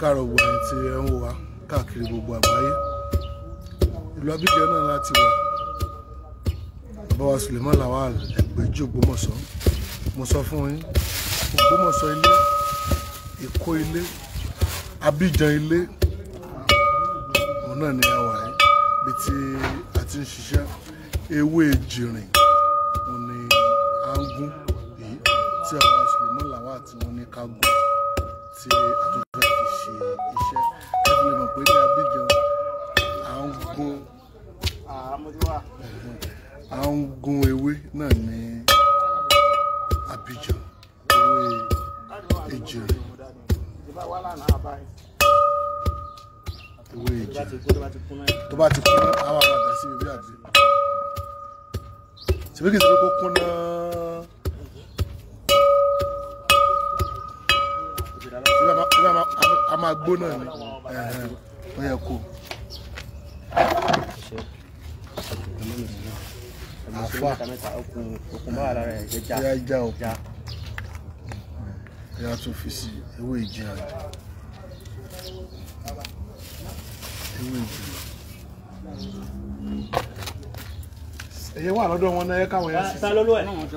káàárọ̀ gbogbo ẹni tí ẹ ń wò wá káàkiri gbogbo àgbáyé ìlú Abidjan náà láti wà bàbá wa Suleiman Lawal Ẹgbẹ́jú Ògbómọ̀ṣọ́ mo sọ fún yín Ògbómọ̀ṣọ́ ilé Èkó ilé Abidjan ilé òun náà ni a wà yìí bí tí a ti ń ṣiṣẹ́ ewé jìrìn òun ni a ń gún èyí tí àwọn Suleiman Lawal tí wọ́n ní ká gùn tí a tó ṣe iṣẹ́ ẹ fi lè mọ̀ pé ní Abidjan à ń gun à ń gun ewé náà ní Abidjan ewé ejìrì ewé ejìrì tó bá ti kún àwọn àgbàdà sí ibi àbí ṣèbí kìí ṣe kún náà. a máa gbóná ni ó yẹ kó. àfa ìyá ìjà òkú ìyá tó fi sí ewé ìjìyà ewé ìjìyà èyí wà lọ́dọ̀ wọn náà ẹ káwọn yẹn sì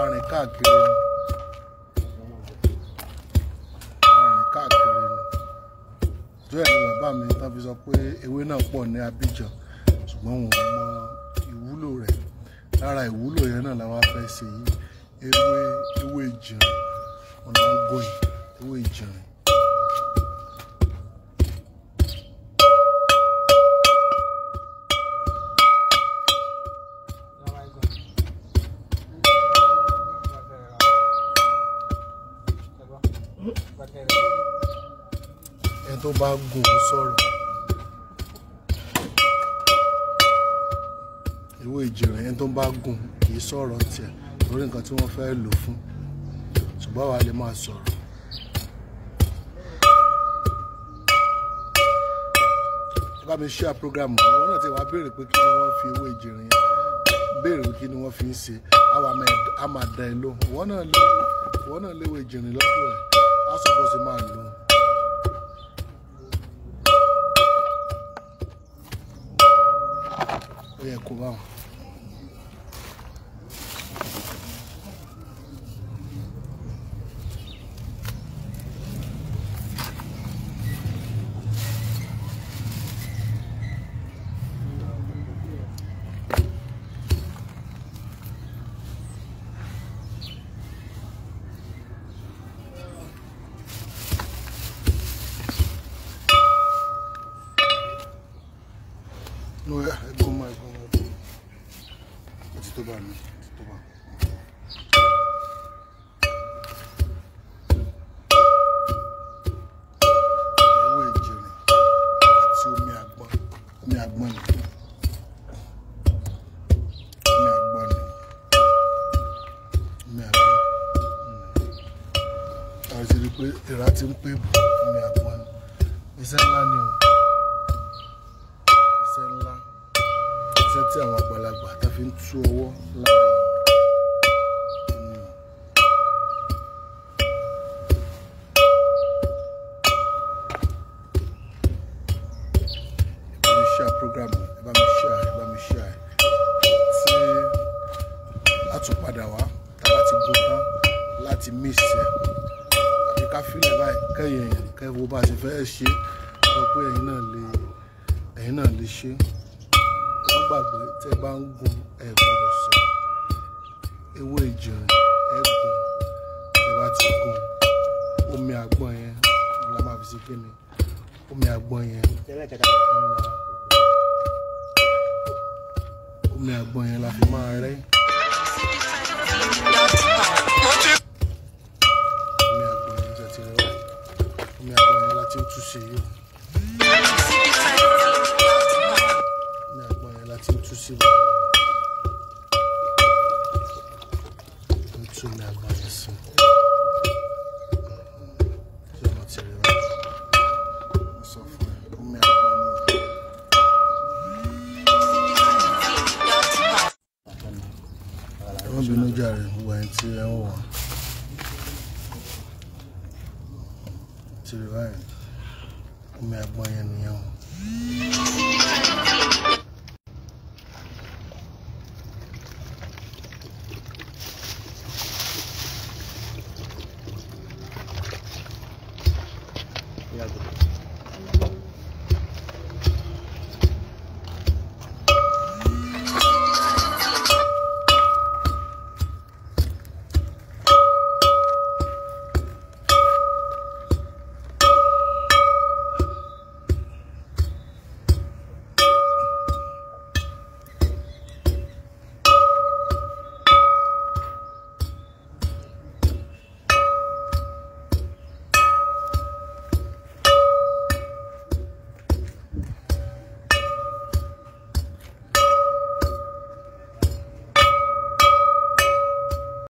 arìn káàkiri ni arìn káàkiri ni tó ní bàbá mi tán fi sọ pé ewé náà pọ̀ ní Abidjan ṣùgbọ́n wọn mọ ìwúlò rẹ̀ lára ìwúlò yẹn náà làwọn afẹ́ ṣe yìí ewé ewé ìjìnrìn ọ̀nà ọgbọ̀n ewé ìjìnrìn. ẹni tó bá gùn ó sọ̀rọ̀ ìwé ìjìnlẹ̀ ẹni tó bá gùn kì í sọ̀rọ̀ tiẹ̀ lórí nǹkan tí wọ́n fẹ́ lò fún ṣùgbọ́n àwa lè máa sọ̀rọ̀. bá mi ṣe program wọn náà ti wá béèrè pé kí ni wọ́n fi ewé ìjìnlẹ̀ yẹn béèrè pé kí ni wọ́n fi ń ṣe àwa a máa dá lóhùn wọn náà léwé ìjìnlẹ̀ lọ́dún sọ bó ṣe máa lò. ó yẹ kó báwọn. nù ẹ̀gbọ́n mọ ẹ̀gbọ́n mọ ẹ̀gbọ́n mọ ti tó bá mi ti tó bá mi. ewé ìjìnlẹ̀ àti omi àgbọn omi àgbọn ni. àti hmm. rí i pé ìrà ti ń pè bù àgbọn iṣẹ́ ńlá ni o. tí àwọn àgbàlagbà tá fi ń tú ọwọ́ lára èèyàn. ẹ bá mi share program ẹ bá mi share ẹ bá mi share tí a tún padà wá tá a ti gbọ́ tán láti miss ẹ àbí ká fílẹ̀ báyìí kẹ́yìn ẹ̀yìn kẹ́wọ́ bá a ti fẹ́ ṣe é sọ pé ẹ̀yin náà lè ṣe é gbàgbé tẹ́ bá ń gun ẹ gbọ́dọ̀ sọ ewé ìjìnrìn ẹ gùn tẹ́ bá ti gùn omi àgbọn yẹn wọn la máa fi ṣe kíni omi àgbọn yẹn omi àgbọn yẹn la fi máa rẹ. omi àgbọn yẹn ti rẹ omi àgbọn yẹn la ti ń túṣe yìí. ölçüsü var. Ölçümler bayası. Güzel materyal. wọ́n bínú jàre gbogbo ẹni tí ẹ